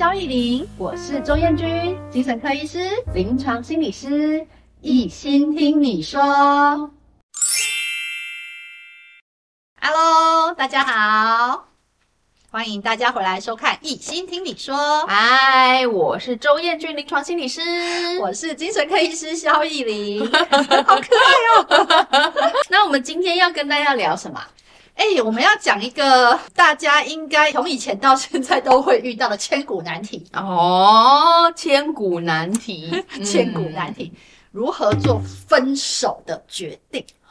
蕭亦伶，我是周彥君，精神科醫師、臨床心理師，醫心聽你說。Hello，大家好，歡迎大家回來收看《醫心聽你說》。嗨，我是周彥君，臨床心理師， 我是精神科醫師蕭亦伶， 好可愛哦。 那我們今天要跟大家聊什麼？哎、欸，我們要講一個大家應該從以前到現在都會遇到的千古難題哦，千古難題，嗯、千古難題，如何做分手的決定？嗯、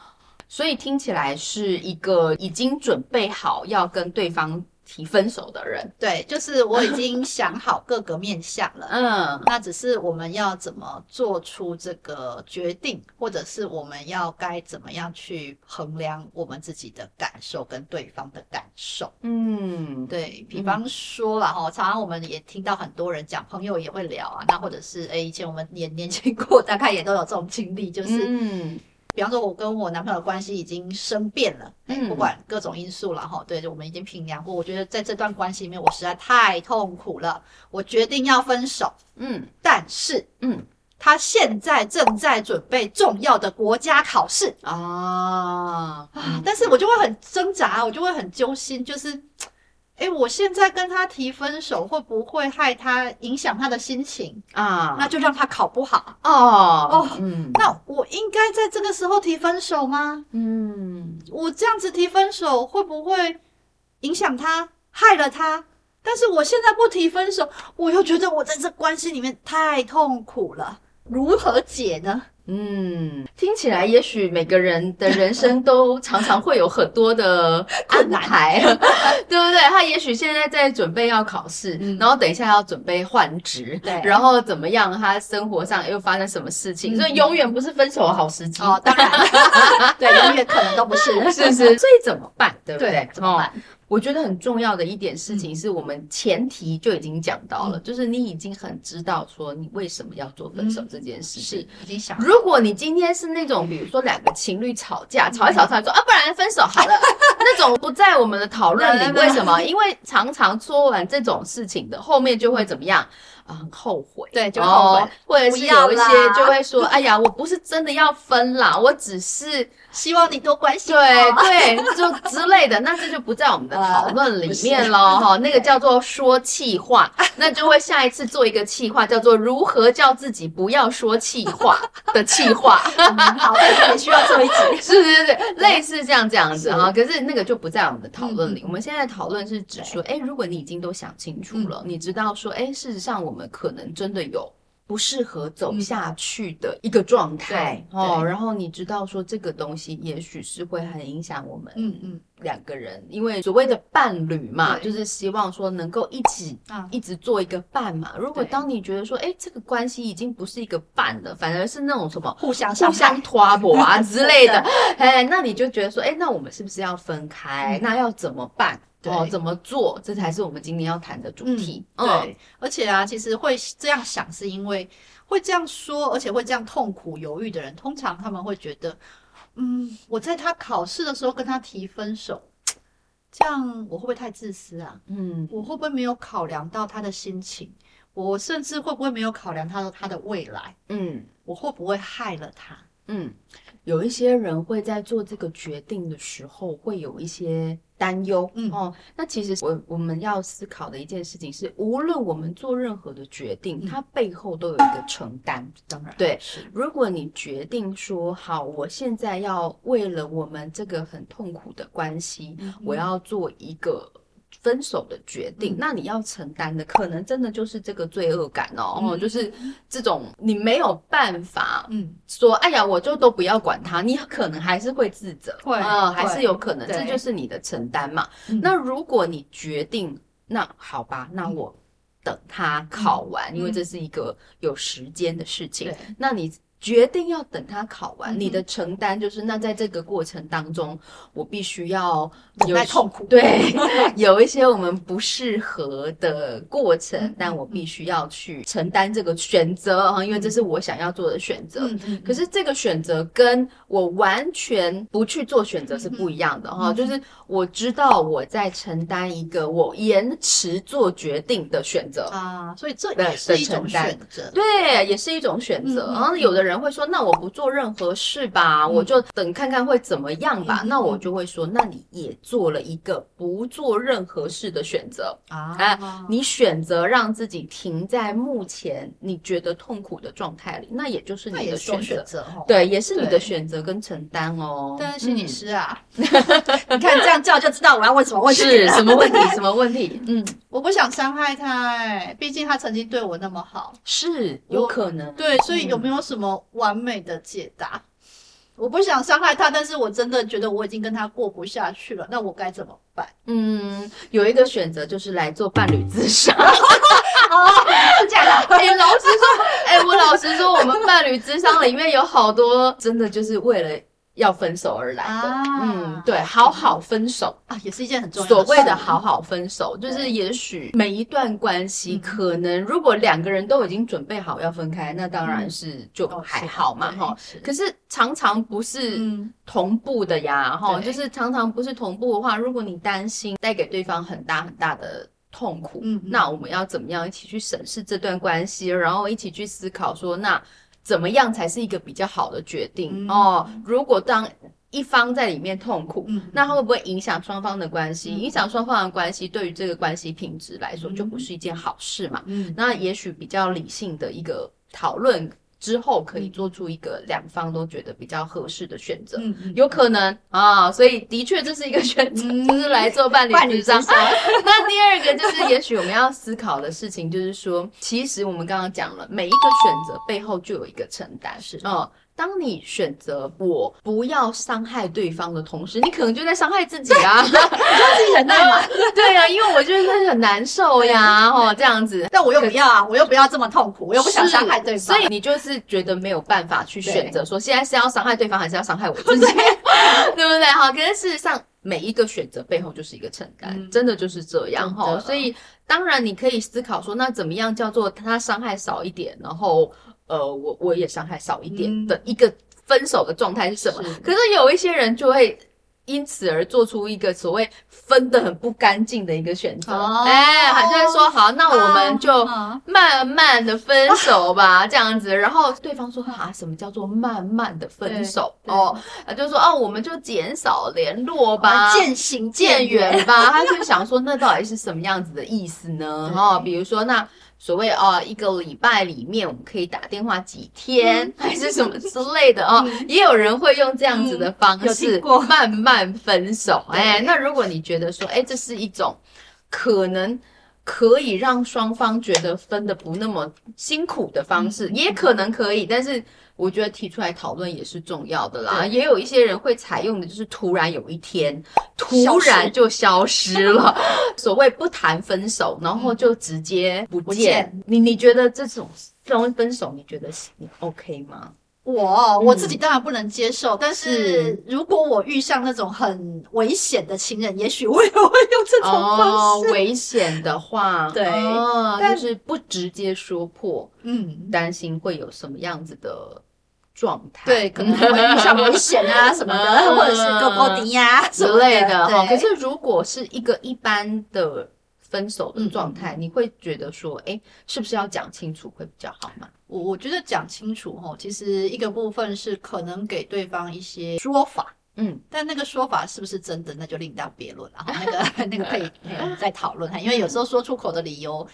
所以聽起來是一個已經準備好要跟對方，提分手的人，對，就是我已經想好各個面向了， 嗯，那只是我們要怎麼做出這個決定，或者是我們要該怎麼樣去衡量我們自己的感受跟對方的感受，嗯，對，比方說啦，哈、嗯，常常我們也聽到很多人講，朋友也會聊啊，那或者是誒、欸，以前我們也年輕過，大概也都有這種經歷，就是嗯。比方說，我跟我男朋友關係已經生變了，嗯哎、不管各種因素了哈，對，就我們已經評量過，我覺得在這段關係裡面，我實在太痛苦了，我決定要分手，嗯，但是，嗯，他現在正在準備重要的國家考試啊，嗯、但是我就會很掙扎，我就會很揪心，就是。哎、欸，我現在跟他提分手會不會害他，影響他的心情啊？那就讓他考不好、啊、哦。哦、嗯，那我應該在這個時候提分手嗎？嗯，我這樣子提分手會不會影響他，害了他？但是我現在不提分手，我又覺得我在這關係裡面太痛苦了。如何解呢？嗯，聽起來也許每個人的人生都常常會有很多的安排， 對不對？他也許現在在準備要考試，嗯、然後等一下要準備換職，對、嗯，然後怎麼樣？他生活上又發生什麼事情？嗯、所以永遠不是分手的好時機。哦，當然， 對，永遠可能都不是，是不是？ 所以怎麼辦？對不對？對，怎麼辦？哦我覺得很重要的一點事情是我們前提就已經講到了，嗯、就是你已經很知道說你為什麼要做分手這件事情、嗯嗯。是，如果你今天是那種、嗯、比如說兩個情侶吵架，吵一吵，一吵一說，吵說啊，不然分手 好了。 那種不在我們的討論裡，為什麼？因為常常說完這種事情的後面就會怎麼樣？很後悔，對，就後悔，或者是有一些就會說：“哎呀，我不是真的要分啦，我只是希望你多關心我。”對對，就之類的，那這就不在我們的討論裡面咯。哈，那個叫做說氣話，那就會下一次做一個氣話，叫做如何叫自己不要說氣話的氣話。好，那我需要做一次。是是是，類似這樣這樣子啊。可是。那個就不在我們的討論裡。嗯嗯，我們現在討論是指說，哎對、欸，如果你已經都想清楚了，嗯、你知道說，哎、欸，事實上我們可能真的有。不適合走下去的一個狀態、嗯、哦，對然後你知道說這個東西也許是會很影響我們，嗯嗯，兩個人，嗯嗯、因為所謂的伴侶嘛，對就是希望說能夠一起、啊、一直做一個伴嘛。如果當你覺得說，啊、哎，這個關係已經不是一個伴了，反而是那種什麼互相互相拖磨啊之類的， 的哎，那你就覺得說，哎，那我們是不是要分開？嗯、那要怎麼辦？對哦，怎麼做？這才是我們今天要談的主題。嗯、對，哦、而且啊，其實會這樣想，是因為會這樣說，而且會這樣痛苦、猶豫的人，通常他們會覺得，嗯，我在他考試的時候跟他提分手，這樣我會不會太自私啊？嗯，我會不會沒有考量到他的心情？我甚至會不會沒有考量他的他的未來？嗯，嗯，我會不會害了他？嗯，有一些人會在做這個決定的時候會有一些擔憂，嗯哦，那其實我我們要思考的一件事情是，無論我們做任何的決定，嗯、它背後都有一個承擔，當然，對，是如果你決定說好，我現在要為了我們這個很痛苦的關係，嗯、我要做一個。分手的決定，那你要承擔的可能真的就是這個罪惡感哦，就是這種你沒有辦法，嗯，說哎呀，我就都不要管他，你可能還是會自責，會啊，還是有可能，這就是你的承擔嘛。那如果你決定，那好吧，那我等他考完，因為這是一個有時間的事情，那你，決定要等他考完，你的承擔就是那，在這個過程當中，我必須要有痛苦。對，有一些我們不適合的過程，但我必須要去承擔這個選擇啊，因為這是我想要做的選擇。嗯嗯。可是這個選擇跟我完全不去做選擇是不一樣的哈，就是我知道我在承擔一個我延遲做決定的選擇啊，所以這也是一種選擇，對，也是一種選擇。然後有的人。人會說：“那我不做任何事吧，我就等看看會怎麼樣吧。”那我就會說：“那你也做了一個不做任何事的選擇啊！你選擇讓自己停在目前你覺得痛苦的狀態裡，那也就是你的選擇。對，也是你的選擇跟承擔哦。但是心理師啊，你看這樣叫就知道我要問什麼問題。是，什麼問題？什麼問題？嗯，我不想傷害他哎，畢竟他曾經對我那麼好。是有可能對，所以有沒有什麼？完美的解答，我不想傷害他，但是我真的覺得我已經跟他過不下去了，那我該怎麼辦？嗯，有一個選擇就是來做伴侶諮商。哎、 欸，老實說，哎、欸，我老實說，我們伴侶諮商裡面有好多真的就是為了。要分手而來的，啊、嗯，對，好好分手啊，也是一件很重要的。所謂的好好分手，對就是也許每一段關係，嗯、可能如果兩個人都已經準備好要分開，那當然是就還好嘛，哈、嗯。哦、是是可是常常不是同步的呀，哈、嗯哦，就是常常不是同步的話，如果你擔心帶給對方很大很大的痛苦，嗯、那我們要怎麼樣一起去審視這段關係，然後一起去思考說那。怎麼樣才是一個比較好的決定？嗯，哦，如果當一方在裡面痛苦，嗯，那會不會影響雙方的關係？嗯，影響雙方的關係，對於這個關係品質來說，就不是一件好事嘛。嗯，那也許比較理性的一個討論。之後可以做出一個兩方都覺得比較合適的選擇，嗯、有可能啊、嗯哦，所以的確這是一個選擇、 嗯，就是來做伴侶，就是這樣說。啊、 那第二個就是，也許我們要思考的事情，就是說， 其實我們剛剛講了，每一個選擇背後就有一個承擔，是的哦。當你選擇，我不要傷害對方的同時，你可能就在傷害自己啊！ 你自己很累嘛？對呀、啊，因為我就是很難受呀，哦，這樣子。但我又不要啊，我，就我又不要這麼痛苦，是我又不想傷害對方，所以你就是覺得沒有辦法去選擇，說現在是要傷害對方，還是要傷害我自己，對，對不對？哈，可是事實上，每一個選擇背後就是一個承擔，嗯、真的就是這樣哈的。所以，當然你可以思考說，那怎麼樣叫做他傷害少一點，然後。呃，我我也傷害少一點的一個分手的狀態是什麼？嗯、是可是有一些人就會因此而做出一個所謂分得的很不乾淨的一個選擇。哎，他就說好，那我們就慢慢的分手吧，啊啊、這樣子。然後對方說啊，什麼叫做慢慢的分手？哦，就說哦，我們就減少聯絡吧，漸、啊、行漸遠吧。 他就想說，那到底是什麼樣子的意思呢？對哦，比如說那。所謂哦，一個禮拜裡面我們可以打電話幾天，嗯、還是什麼之類的哦，嗯、也有人會用這樣子的方式慢慢分手。誒、嗯哎、那如果你覺得說，誒、哎、這是一種可能可以讓雙方覺得分得不那麼辛苦的方式，嗯嗯、也可能可以，嗯、但是。我覺得提出來討論也是重要的啦。也有一些人會採用的，就是突然有一天，突然就消失了。消失。所謂不談分手，然後就直接不見。不見。你你覺得這種這種分手，你覺得行 OK 嗎？我我自己當然不能接受。嗯，但是如果我遇上那種很危險的情人，也許我也會用這種方式。哦，危險的話，對，哦，但就是不直接說破，嗯，擔心會有什麼樣子的。狀態。對，可能會遇上危險啊什麼的， 或者是割破迪呀之類的哈。對可是如果是一個一般的分手的狀態，嗯、你會覺得說，哎、欸，是不是要講清楚會比較好嘛？我的我覺得講清楚哈，其實一個部分是可能給對方一些說法，嗯，但那個說法是不是真的，那就另當別論了。然後那個 那個可以，可以再討論，因為有時候說出口的理由，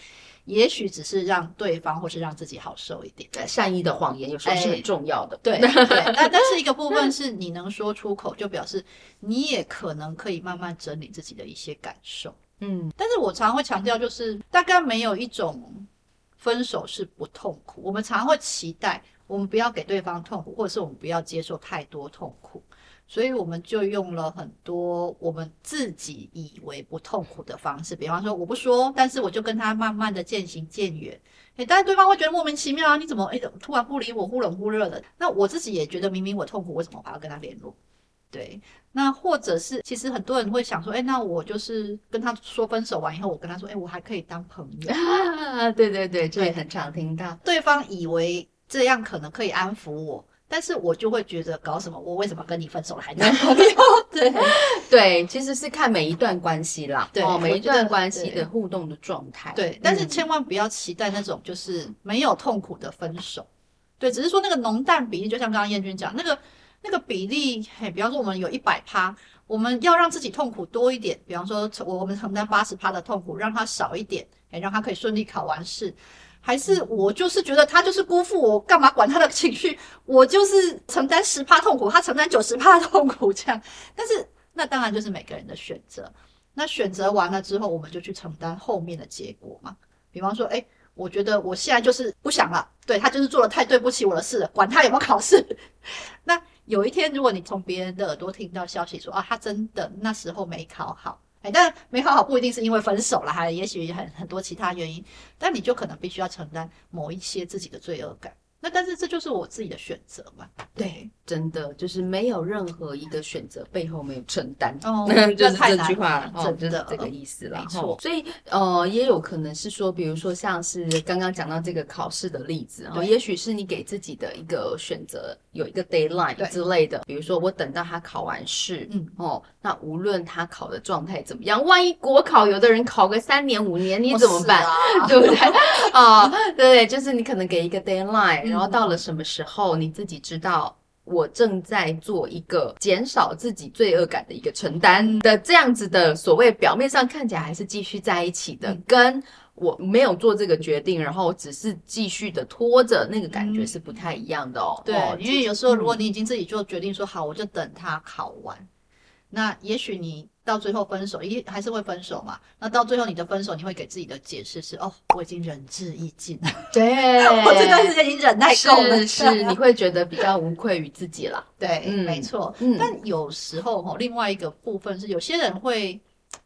也許只是讓對方或是讓自己好受一點。對，善意的謊言有時候是很重要的。欸、對對 但，但是一個部分是你能說出口，就表示你也可能可以慢慢整理自己的一些感受。嗯，但是我常常會強調，就是、嗯、大概沒有一種分手是不痛苦。我們常常會期待。我們不要給對方痛苦，或者是我們不要接受太多痛苦，所以我們就用了很多我們自己以為不痛苦的方式，比方說我不說，但是我就跟他慢慢的漸行漸遠。誒，但是對方會覺得莫名其妙啊，你怎麼誒突然不理我，忽冷忽熱的？那我自己也覺得明明我痛苦，為什麼還要跟他聯絡？對，那或者是其實很多人會想說，誒，那我就是跟他說分手完以後，我跟他說，誒，我還可以當朋友、啊。對對對，這也對很常聽到，對，對方以為。這樣可能可以安撫我，但是我就會覺得搞什麼？我為什麼跟你分手了還男朋友？ 對對，其實是看每一段關係啦，對、哦，每一段關係的互動的狀態。對，對，但是千萬不要期待那種就是沒有痛苦的分手。嗯、對，只是說那個濃淡比例，就像剛剛彥君講，那個那個比例，嘿，比方說我們有一百趴，我們要讓自己痛苦多一點，比方說我我們承擔八十趴的痛苦，讓它少一點，哎，讓它可以順利考完試。還是我就是覺得他就是辜負我，幹嘛管他的情緒？我就是承擔十趴痛苦，他承擔九十趴痛苦這樣。但是那當然就是每個人的選擇。那選擇完了之後，我們就去承擔後面的結果嘛。比方說，哎、欸，我覺得我現在就是不想了。對，他就是做了太對不起我的事了，管他有沒有考試。那有一天，如果你從別人的耳朵聽到消息說，啊，他真的，那時候沒考好。但沒考好，好不一定是因為分手了，還也許很很多其他原因。但你就可能必須要承擔某一些自己的罪惡感。那但是這就是我自己的選擇嘛？對，真的就是沒有任何一個選擇背後沒有承擔，那就是這句話，真的這個意思了。沒錯，所以呃，也有可能是說，比如說像是剛剛講到這個考試的例子啊，也許是你給自己的一個選擇有一個 deadline 之類的，比如說我等到他考完試，嗯哦，那無論他考的狀態怎麼樣，萬一國考有的人考個三年五年，你怎麼辦？對不對啊？對，就是你可能給一個 deadline、嗯、然後到了什麼時候、嗯、你自己知道，我正在做一個減少自己罪惡感的一個承擔的這樣子的所謂表面上看起來還是繼續在一起的，嗯、跟我沒有做這個決定，然後只是繼續的拖着、嗯、那個感覺是不太一樣的哦。對，嗯、因為有時候如果你已經自己做決定說好，我就等他考完，那也許你。到最後分手，一還是會分手嘛？那到最後你的分手，你會給自己的解釋是：哦，我已經仁至義盡了。對， 我這段時間已經忍耐夠了是。是，這樣。你會覺得比較無愧於自己了。對，沒錯。但有時候吼，另外一個部分是，有些人會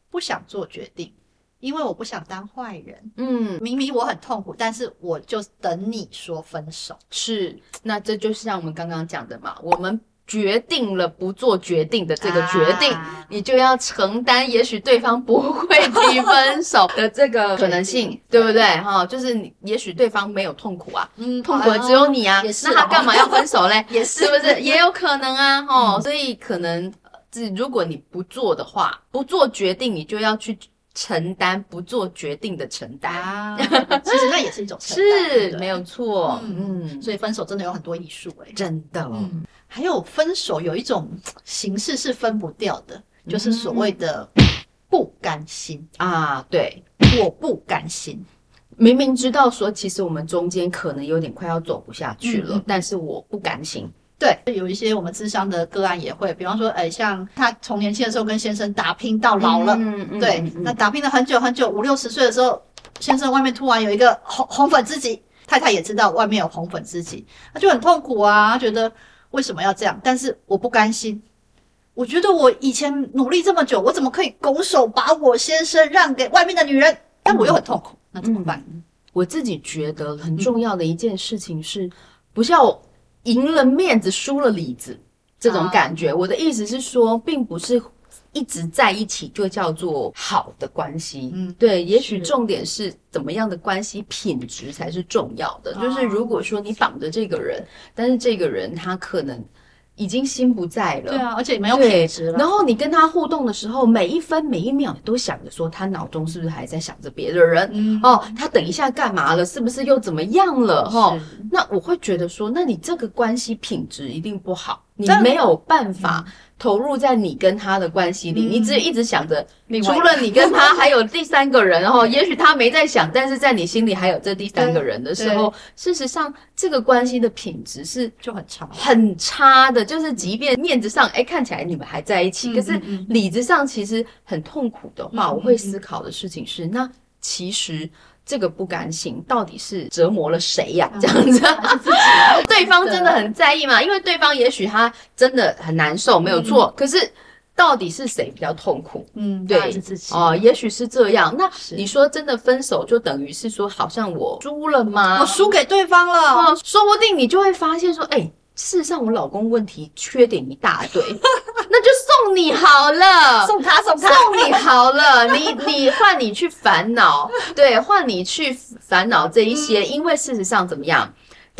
不想做決定，因為我不想當壞人。嗯，明明我很痛苦，但是我就等你說分手。是，那這就是像我們剛剛講的嘛，我們。決定了不做決定的這個決定，啊、你就要承擔也許對方不會提分手的這個可能性， 對,對,對不對？哈對，就是你也許對方沒有痛苦啊，嗯、痛苦的只有你啊，啊哦、那他幹嘛要分手嘞？ 是不是？ 是不是也有可能啊，哈、 哦，所以可能，只如果你不做的話，不做決定，你就要去。承擔不做決定的承擔， 其實那也是一種承擔，是，對沒有錯。嗯，所以分手真的有很多藝術誒，真的。嗯、還有分手有一種形式是分不掉的，嗯、哼就是所謂的不甘心、嗯、啊。對，我不甘心，明明知道說其實我們中間可能有點快要走不下去了，嗯、但是我不甘心。對，有一些我們諮商的個案也會，比方說，誒像他從年輕的時候跟先生打拼到老了，嗯嗯嗯、對，嗯嗯、那打拼了很久很久，五六十歲的時候，先生外面突然有一個紅紅粉知己，太太也知道外面有紅粉知己，他就很痛苦啊，他覺得為什麼要這樣？但是我不甘心，我覺得我以前努力這麼久，我怎麼可以拱手把我先生讓給外面的女人？但我又很痛苦，那怎麼辦？嗯嗯、我自己覺得很重要的一件事情是，嗯、不是要。贏了面子，輸了裡子，這種感覺。我的意思是說，並不是一直在一起就叫做好的關係。嗯，對，也許重點是怎麼樣的關係品質才是重要的。就是如果說你綁着這個人，但是這個人他可能已經心不在了，對啊，而且沒有品質了。然後你跟他互動的時候，每一分每一秒都想着說，他腦中是不是還在想着別的人？嗯，哦，他等一下幹嘛了？是不是又怎麼樣了？齁。那我會覺得說，那你這個關係品質一定不好，你沒有辦法投入在你跟他的關係裡，嗯、你只一直想着，另外、除了你跟他還有第三個人哈， 也許他沒在想， 但是在你心裡還有這第三個人的時候，事實上這個關係的品質是就很差，很差的。就是即便面子上誒、嗯欸、看起來你們還在一起，嗯、可是裡子上其實很痛苦的話，嗯、我會思考的事情是，嗯、那其實。這個不甘心到底是折磨了誰呀、啊？嗯、這樣子，對方真的很在意嘛？因為對方也許他真的很難受，嗯、沒有錯。嗯、可是，到底是誰比較痛苦？嗯，對，哦、啊呃，也許是這樣。那你說真的分手，就等於是說，好像我輸了嗎？我輸給對方了、嗯。說不定你就會發現說，哎，事實上我老公問題缺點一大堆， 那就是。送你好了，送他送他，送你好了， 你你換你去煩惱，對，換你去煩惱這一些，因為事實上怎麼樣？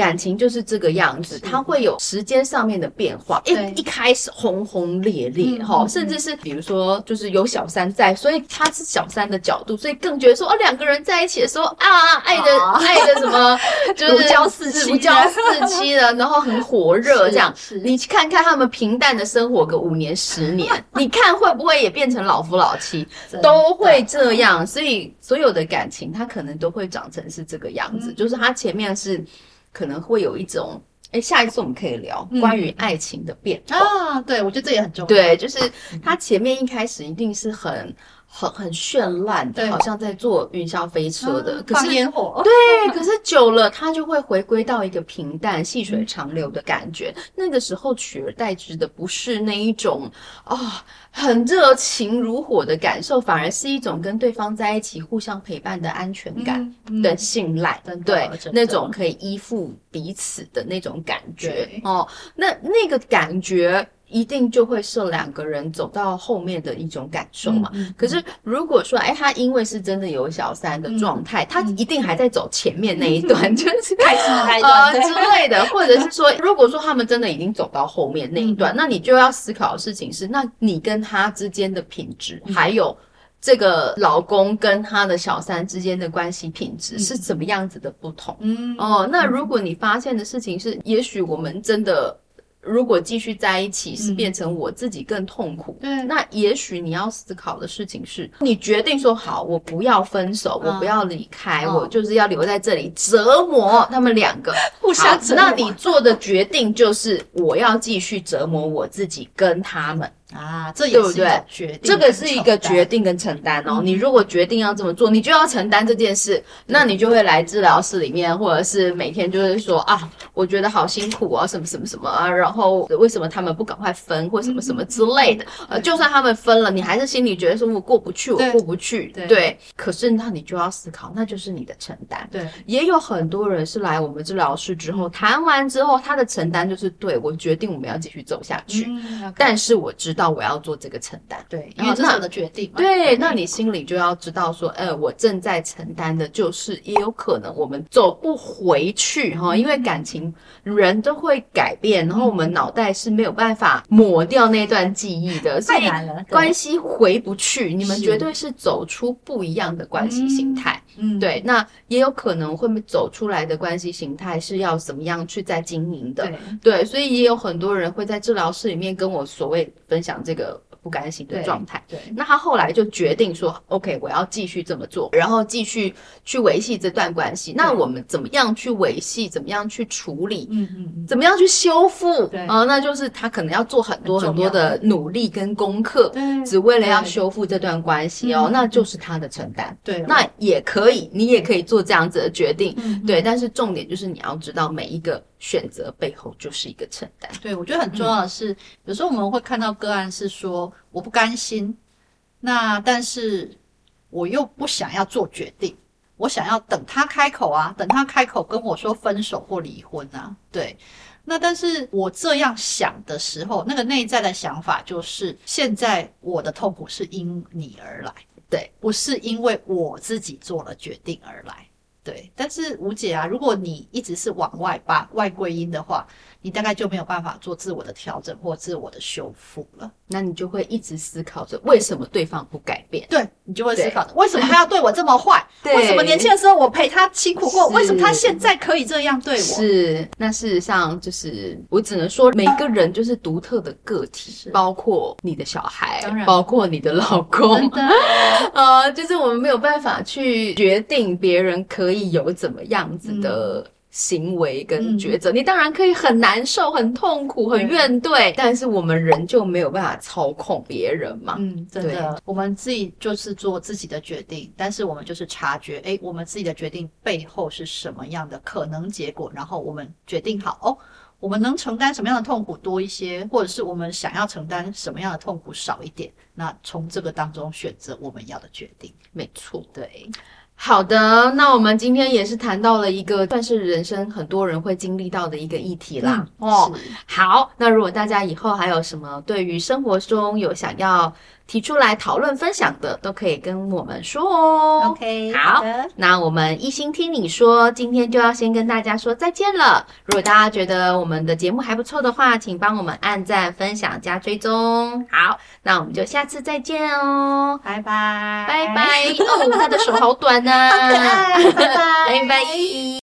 感情就是這個樣子，它會有時間上面的變化。一一開始轟轟烈烈吼，甚至是，比如說就是有小三在，所以他是小三的角度，所以更覺得說啊，兩個人在一起的時候啊，愛的愛的什麼，就是如膠似如膠似漆的，然後很火熱這樣。你去看看他們平淡的生活個五年十年，你看會不會也變成老夫老妻？都會這樣，所以所有的感情它可能都會長成是這個樣子，就是它前面是。可能會有一種，哎，下一次我們可以聊、嗯、關於愛情的變化啊。對，我覺得這也很重要。對，就是他前面一開始一定是很。很很絢爛的，對好像在坐雲霄飛車的，啊、可是煙火對， 可是久了，它就會回歸到一個平淡細水長流的感覺。嗯、那個時候，取而代之的不是那一種啊、哦，很熱情如火的感受，反而是一種跟對方在一起互相陪伴的安全感的信賴，嗯嗯、對，那種可以依附彼此的那種感覺對哦。那那個感覺，一定就會是兩個人走到後面的一種感受嘛？可是如果說、欸，誒他因為是真的有小三的狀態，他一定還在走前面那一段，就是開始那呃，之類的，或者是說，如果說他們真的已經走到後面那一段，那你就要思考的事情是，那你跟他之間的品質，還有這個老公跟他的小三之間的關係品質是怎麼樣子的不同？嗯，哦，那如果你發現的事情是，也許我們真的。如果繼續在一起是變成我自己更痛苦，嗯，那也許你要思考的事情是，你決定說，好，我不要分手，嗯、我不要離開，嗯、我就是要留在這裡折磨他們兩個，互相折磨。那你做的決定就是，我要繼續折磨我自己跟他們。嗯啊，這也是一個決定。這個是一個決定跟承擔哦。嗯、你如果決定要這麼做，你就要承擔這件事，嗯、那你就會來治療室裡面，或者是每天就是說、嗯、啊，我覺得好辛苦啊，什麼什麼什麼啊。然後為什麼他們不趕快分，或什麼什麼之類的、嗯、呃？就算他們分了，你還是心裡覺得說我過不去，我過不去。對，對對，可是那你就要思考，那就是你的承擔。對，也有很多人是來我們治療室之後談完之後，他的承擔就是對我決定我們要繼續走下去，嗯 okay，但是我知道。到我要做這個承擔，對，然後這樣的決定，對，嗯、那你心裡就要知道說，呃、欸，我正在承擔的，就是也有可能我們走不回去哈，嗯、因為感情人都會改變，嗯、然後我們腦袋是沒有辦法抹掉那段記憶的，太難了，所以關係回不去，的你們絕對是走出不一樣的關係心態。嗯嗯，對，那也有可能會走出來的關係形態是要怎麼樣去再經營的，對，對，所以也有很多人會在治療室裡面跟我所謂分享這個。不甘心的狀態，對，那他後來就決定說，OK，我要繼續這麼做，然後繼續去維繫這段關係。那我們怎麼樣去維繫？怎麼樣去處理？嗯嗯，怎麼樣去修復？啊，那就是他可能要做很多很多的努力跟功課，只為了要修復這段關係哦。那就是他的承擔，對，那也可以，你也可以做這樣子的決定，對。但是重點就是你要知道每一個。選擇背後就是一個承擔。對，我覺得很重要的是，嗯、有時候我們會看到個案是說，我不甘心，那但是我又不想要做決定，我想要等他開口啊，等他開口跟我說分手或離婚啊。對，那但是我這樣想的時候，那個內在的想法就是，現在我的痛苦是因你而來，對，不是因為我自己做了決定而來。對，但是吳姐啊，如果你一直是往外把外歸因的話，你大概就沒有辦法做自我的調整或自我的修復了，那你就會一直思考着為什麼對方不改變？對，你就會思考著對為什麼他要對我這麼壞？對，為什麼年輕的時候我陪他吃苦過？是為什麼他現在可以這樣對我？是，那事實上就是我只能說每個人就是獨特的個體，是包括你的小孩，然包括你的老公，哦、 呃，就是我們沒有辦法去決定別人可以有怎麼樣子的、嗯。行為跟抉擇，嗯、你當然可以很難受、嗯、很痛苦、很怨懟，但是我們人就沒有辦法操控別人嘛？嗯，真的對。我們自己就是做自己的決定，但是我們就是察覺，誒、欸，我們自己的決定背後是什麼樣的可能結果，然後我們決定好哦，我們能承擔什麼樣的痛苦多一些，或者是我們想要承擔什麼樣的痛苦少一點，那從這個當中選擇我們要的決定，沒錯，對。好的，那我們今天也是談到了一個算是人生很多人會經歷到的一個議題啦。嗯。哦，是。好，那如果大家以後還有什麼對於生活中有想要。提出來討論分享的都可以跟我們說哦。OK，好，okay. 那我們醫心聽你說，今天就要先跟大家說再見了。如果大家覺得我們的節目還不錯的話，請幫我們按讚、分享、加追蹤。好，那我們就下次再見哦，拜拜 bye，拜拜。哦， 他的手好短呢、啊。拜拜、啊，拜拜。 bye bye